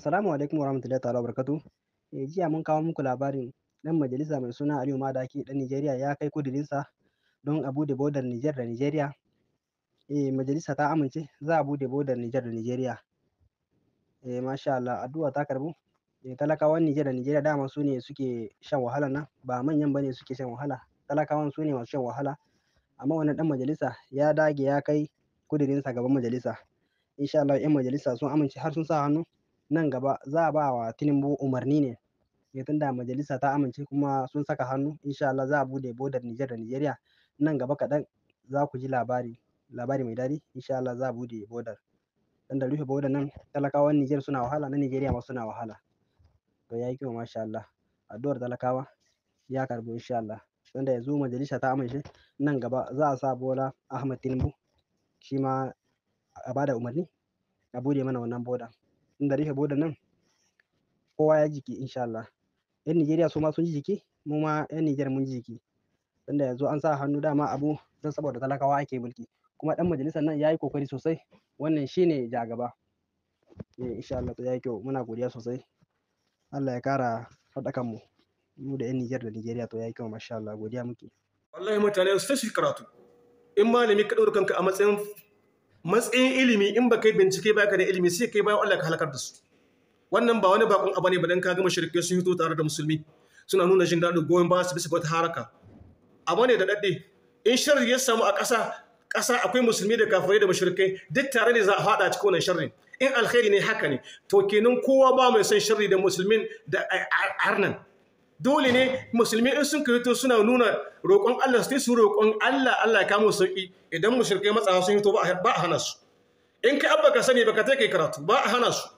Assalamu alaikum warahmatullahi ta'ala barakatu. Eh jiya mun kawo muku labarin ɗan majalisa mai suna Aliyu Madaki Ɗan Nijeriya ya kai kudirinsa don a bude bodar Nijar da Nijeriya. Eh majalisa ta amince za a bude bodar Nijar da Nijeriya. Eh masha Allah addu'a ta karbu. Eh talakawan nijar da nijeriya dama su ne suke shan wahala nan ba manyan ba ne suke shan wahala. Talakawan su ne masu shan wahala. Amma wannan ɗan majalisa ya dage ya kai kudirinsa gaban majalisa. Insha Allah 'yan majalisa sun amince har sun sa hannu nan gaba za a ba wa Tinubu umarni ne ne eh, tunda majalisa ta amince kuma sun saka hannu insha Allah za a bude bodar Nijar da Nijeriya nan gaba kaɗan za ku ji labari labari mai daɗi insha Allah za a bude bodar dan da rufe bodar nan talakawan Nijar suna wahala na Nijeriya ma suna wahala to yayi kyau masha Allah addu'ar talakawa ya karbo insha Allah tunda yanzu majalisa ta amince nan gaba za a sa Bola Ahmad Tinubu shi ma a bada umarni a bude mana wannan boda dari rufe da nan kowa ya jiki insha Allah yan Nijeriya su ma sun ji jiki mu ma yan Nijar mun ji jiki tunda yanzu an sa hannu dama abu don saboda talakawa ake mulki kuma dan majalisar nan yayi kokari sosai wannan shine jagaba eh insha Allah to yayi kyau muna godiya sosai Allah ya kara haɗa kanmu mu da yan Nijar da Nijeriya to yayi kyau masha Allah godiya muke wallahi mutane su tashi karatu in malami ka ɗaura kanka a matsayin matsayin ilimi in ba kai bincike ba ka da ilimi sai kai bayan Allah ka halakar da su wannan ba wani bakon abu ne ba dan ga mushrike sun hito tare da musulmi suna nuna jin daɗin goyon ba su bisa wata haraka abu ne da dadde in sharri ya samu a ƙasa ƙasa akwai musulmi da kafirai da mushrikai duk tare ne za a fada cikin wannan sharri in alkhairi ne haka ne to kenan kowa ba mai son sharri da musulmin da arnan dole ne musulmi in sun kirito suna nuna roƙon Allah sai su roƙon Allah Allah ya kamo sauki idan mushrikai matsawa sun yi to ba a hana su in kai abba ka sani baka kai karatu ba a hana su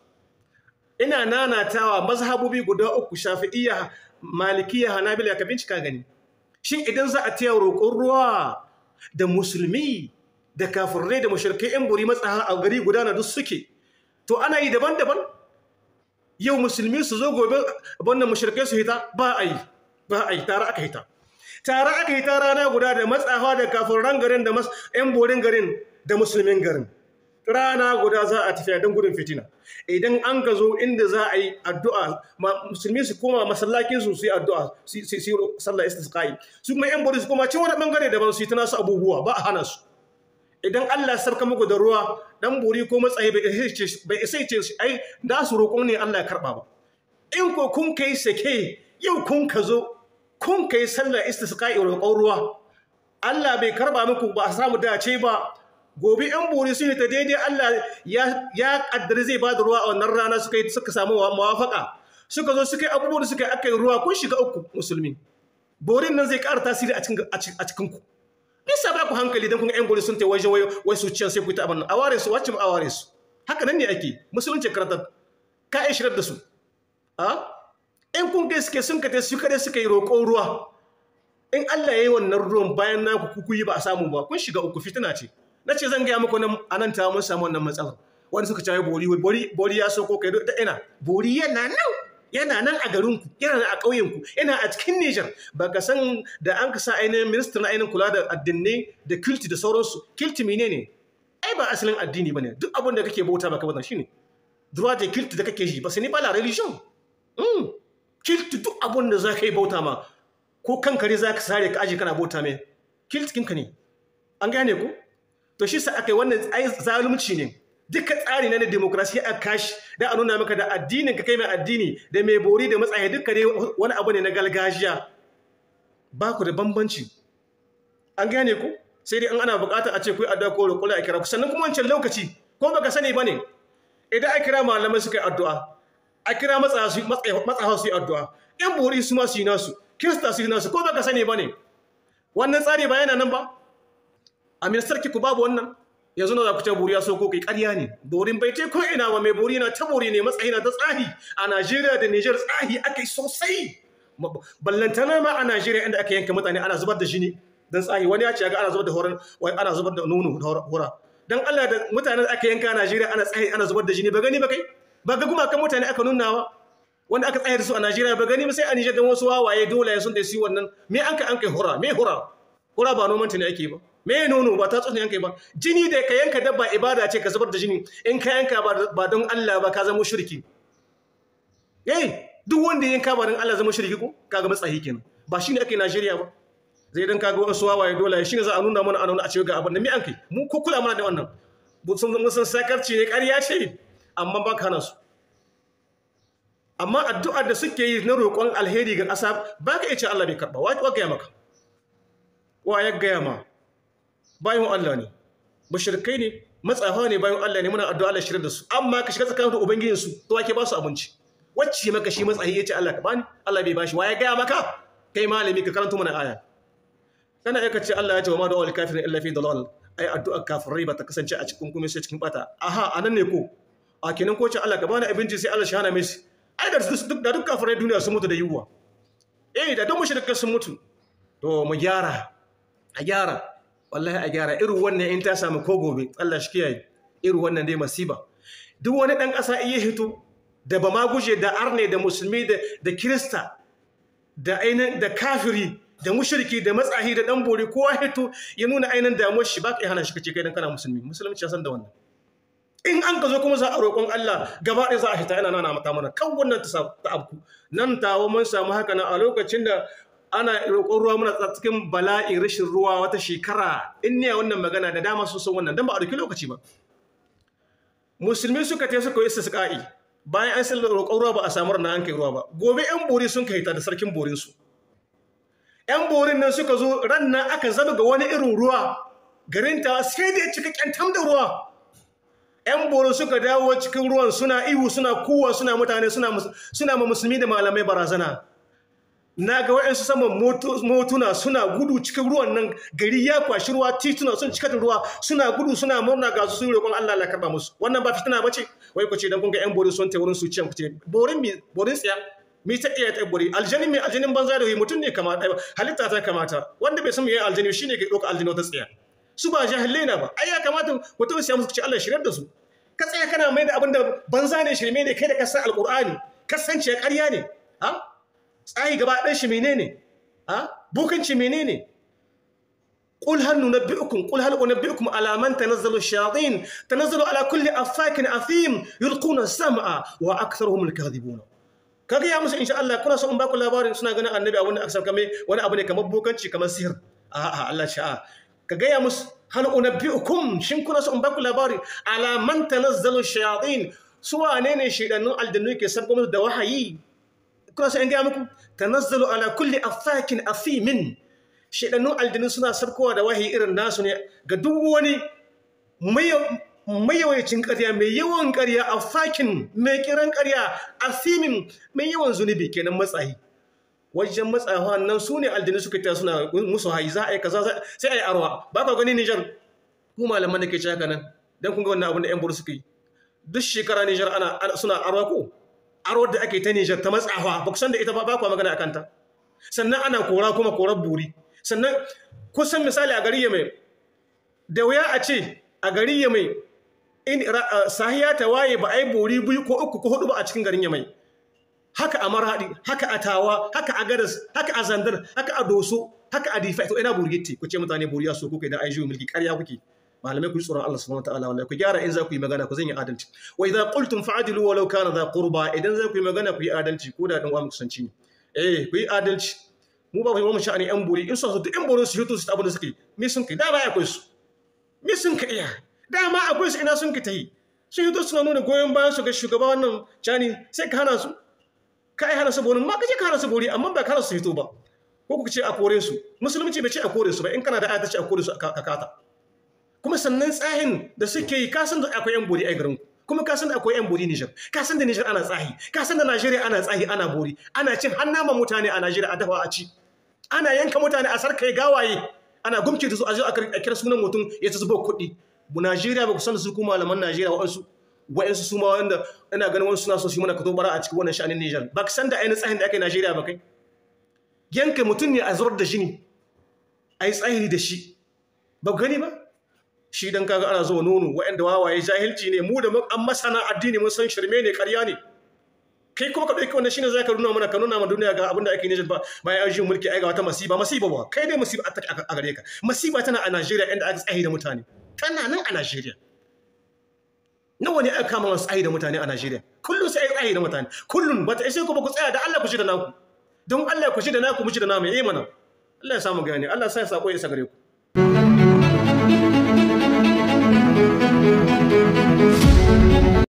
ina nanatawa mazhabobi guda uku Shafi'iyya Malikiyya Hanabila ka bincika gani shin idan za a taya roƙon ruwa da musulmi da kafirai da mushrikai in buri matsaha a gari guda na duk suke to ana yi daban-daban yau musulmi su zo gobe wannan mashirkai su hita ba a yi ba a yi tare aka hita tare aka hita rana guda da matsawa da kafin garin da yan borin garin da musulmin garin rana guda za a tafiya don gudun fitina idan an ka zo inda za a yi addu'a musulmi su koma masallakin su su yi addu'a su yi sallah istisqa'i su kuma yan borin su koma cin wani bangare daban su yi tana su abubuwa ba a hana su idan Allah ya sarka muku da ruwa dan buri ko matsayi bai isa ce ai da su roƙo ne Allah ya karba ba in ko kun kai sake yau kun ka zo kun kai sallar istisqa'i roƙon ruwa Allah bai karba muku ba a samu dace ba gobe yan buri su ne ta daidai Allah ya ya zai zai da ruwa a wannan rana suka yi suka samu mawafaka suka zo suka yi abubuwan suka yi aka yi ruwa kun shiga uku musulmi borin nan zai ƙara tasiri a cikin ku ku hankali don kun ga yan gori sun ta waje wayo wai su ciyan sai ku ta abannan awarin su wacce mu su haka nan ne ake musulunci karatar ka ai shirar da su a in kun kai suke sun kate su kare suka yi roƙon ruwa in Allah ya yi wannan ruwan bayan na ku kuku yi ba a samu ba kun shiga uku fitina ce na ce zan gaya muku nan a nan ta mun samu wannan matsalar wani suka cawo bori bori bori ya so ko kai da ina bori yana nan yana nan a garinku yana nan a ƙauyenku yana a cikin Nijar ba ka san da an ka sa ainihin minista na ainihin kula da addinai da kilti da sauransu kilti mene ne ai ba asalin addini ba ne duk abin da kake bauta ba ka wannan shine droit de kilti da kake ji ba sai ni ba la religion mm kilti duk abin da zaka yi bauta ma ko kan kare zaka sare ka aje kana bauta mai kilti kinka ne an gane ku to shi sa akai wannan ai zalunci ne duka tsari na demokrasi a kashi da a nuna maka da addinin ka kai mai addini da mai bori da matsayi duka dai wani abu ne na galgajiya ba ku da bambanci an gane ku sai dai an ana bukata a ce ku addu'a ko roƙo a kira ku sannan kuma wancan lokaci ko baka sani ba ne idan a kira malamai suka yi addu'a a kira matsaha su yi addu'a in bori su ma su yi nasu kirista su yi nasu ko baka sani ba ne wannan tsari ba yana nan ba a ministarki ku babu wannan yanzu na za ku so ko kai ƙarya ne burin bai ce ko ina ba mai buri na ta buri ne matsayi na ta tsahi a Najeriya da Niger tsahi akai sosai ballantana ma a Najeriya inda aka yanka mutane ana zubar da jini dan tsahi wani ya ce ga ana zubar da horon wai ana zubar da nono da hora dan Allah da mutanen aka yanka a Najeriya ana tsahi ana zubar da jini ba gani ba kai ba ga kuma kan mutane aka nunawa wanda aka tsayar su a Najeriya ba gani ba sai a Niger da wasu wawaye dole sun da su wannan me an ka an kai hora me hora hora ba noman ta ne ake ba me nono ba ta tsotsa yanka ba jini da ka yanka dabba ibada ce ka zubar da jini in ka yanka ba don Allah ba ka zama shirki eh duk wanda yanka ba don Allah zama shirki ko kaga matsayi kenan ba shine ake Najeriya ba zai dan kaga wasu wawaye dole shi ne za a nuna mana a nuna a ce ga abin da mi an kai mu ko kula mana da wannan sun zama sun sakarci ne ƙarya ce amma ba ka hana su amma addu'ar da suke yi na roƙon alheri ga ƙasa ba ka iya ce Allah bai karɓa wa ya gaya maka wa ya gaya ma bayan Allah ne mushrikai ne matsafa ne bayan Allah ne muna addu'a Allah shirin da su amma ka shiga tsakanin ubangijin su to wake ba su abinci wacce maka shi matsayi yace Allah ka bani Allah bai bashi ya gaya maka kai malami ka karanto mana aya kana aika ce Allah ya ce wa ma da'al kafirin illa fi dalal ai addu'a kafirai ba ta kasance a cikin kuma sai cikin bata aha anan ne ko a kenan ko ce Allah ka bani abinci sai Allah shi hana mishi ai da duk da duk kafirai duniya sun mutu da yiwuwa eh da duk mushrikai sun mutu to mu gyara a gyara wallahi a gyara irin wannan in ta samu ko gobe Allah shi kiyaye irin wannan dai masiba duk wani dan ƙasa iya hito da ba ma guje da arne da musulmi da da kirista da ainin da kafiri da mushriki da matsahi da dan bori kowa hito ya nuna ainin damuwar shi ba kai hana shi kace kai dan kana musulmi musulunci ya san da wannan in an ka zo kuma za a roƙon Allah gaba ɗaya za a hita yana nana mata mana kan wannan ta abku nan tawo mun samu haka na a lokacin da ana roƙon ruwa muna cikin bala'in rashin ruwa wata shekara in ne wannan magana da dama sun san wannan don ba a dauki lokaci ba musulmi suka tafi suka yi istisqa'i bayan an sallar roƙon ruwa ba a samu rana an kai ruwa ba gobe yan bori sun kai ta da sarkin borin su yan borin nan suka zo ran nan aka zama ga wani irin ruwa garinta sai da cika kyantam da ruwa ‘yan boro suka dawo cikin ruwan suna ihu suna kuwa suna mutane suna ma musulmi da malamai barazana na ga wa'yansu saman motuna suna gudu cikin ruwan nan gari ya kwashi ruwa tituna sun cika da ruwa suna gudu suna murna ga su roƙon Allah la karba musu wannan ba fitina ba ce wai ku ce dan kun ga ƴan bori sun ta wurin su ciyan ku ce borin mi borin tsiya mi ta iya ta bori aljani mai aljanin banza da mutum ne kamata halitta ta kamata wanda bai san me aljani shine ke ɗauka aljani ta tsiya su ba jahilai na ba ai ya kamata ku tausaya musu ku ce Allah shirar da su ka tsaya kana mai da abin banza ne shirme ne kai da kasan alqur'ani kasance ƙarya ne ha tsayi gaba ɗan shi menene a bukanci menene قل هل ننبئكم قل هل أنبئكم على ala تنزل a fakin a fim أفاك أثيم wa aksar وأكثرهم الكاذبون Ka gaya musu insha Allah kuna son in baku labarin suna ganin annabi a wannan aksar kame wani abu ne kamar bokanci kamar sihir a'a Allah sha'a ka gaya musu hal unabbiukum shin kuna son in baku labarin ala man tanazzalu shayatin su wane ne shaydanun aljannu ke sabgo musu da wahayi kuna so in gaya muku tanazzalu ala kulli afakin afimin shedannun aljanu suna sarkowa da wahayi irin nasu ne ga duk wani mayawaicin ƙarya mai yawan ƙarya afakin mai kiran ƙarya afimin mai yawan zunubi kenan matsayi wajen matsawa nan su ne aljanu suka ta suna musu hayi za a yi kaza sai a yi arwa ba ka gani Nijar ku malaman da ke ci haka nan dan kun ga wannan abin da yan buru suka yi duk shekara Nijar ana suna arwa ko aro da ake ta Nijar ta matsawa ba kusan da ita ba ba ku magana akan ta sannan ana kora kuma korar buri sannan kusan misali a gari ya mai da wuya a ce a gari ya mai in sahiya ta waye ba ai buri biyu ko uku ko hudu ba a cikin garin ya mai haka a maradi haka a tawa haka a gadas haka a zandar haka a doso haka a difa to ina burgitti ku ce mutane ya so kuke idan ai jiwo mulki karya kuke malamai ku ji tsoron Allah subhanahu wataala wallahi ku gyara in za ku yi magana ku zan yi adalci wa idza qultum fa'dilu walau kana dha qurba idan za ku yi magana ku yi adalci ko da dan uwa kusanci ne eh ku yi adalci mu ba mu sha'ani yan buri in so su yan buri su yuto su abin da suke me sun kai da ba ya su me sun kai ya ma akwai su ina sun ka tayi sun yuto suna nuna goyon bayan su ga shugaba wannan cani sai ka hana su ka hana su bori ma kaje ka hana su bori amma ba ka hana su yuto ba ko ku ce a kore su musulunci bai ce a kore su ba in kana da ayata ce a kore su ka kata kuma sannan tsahin da suke yi kasan da akwai yan bori a garin kuma kasan da akwai yan bori Niger kasan da Niger ana tsahi kasan da Najeriya ana tsahi ana bori ana cin hannama mutane a Najeriya a dafa a ci ana yanka mutane a sarkai gawaye ana gumke da su a zo a kira sunan mutum ya ta zuba kuɗi Najeriya ba ku san da su kuma malaman Najeriya wa'ansu wa'ansu su ma wanda ina ganin wasu suna so su mana katobara a cikin wannan sha'anin Niger ba ka san da ainihin tsahin da aka yi Najeriya ba kai yanka mutum ne a zubar da shi ne a yi tsahiri da shi ba gani ba shi dan kaga ana zuwa nono waɗanda wawaye jahilci ne mu da an masana addini mun san shirme ne ƙarya ne kai kuma ka ɗauki wannan shine ka nuna mana ka nuna mana duniya ga abin da ake Niger ba bayan an mulki ai ga wata masiba masiba ba kai dai masiba a gare ka masiba tana a Najeriya inda aka tsaye da mutane tana nan a Najeriya nawa ne aka kama wasu tsaye da mutane a Najeriya kullum sai ai tsaye da mutane kullum bata ishe ku ba ku tsaya da Allah ku shi da naku don Allah ku shi da naku mu shi da namu eh mana Allah ya samu gani Allah ya sa sako ya isa gare ku Thank you.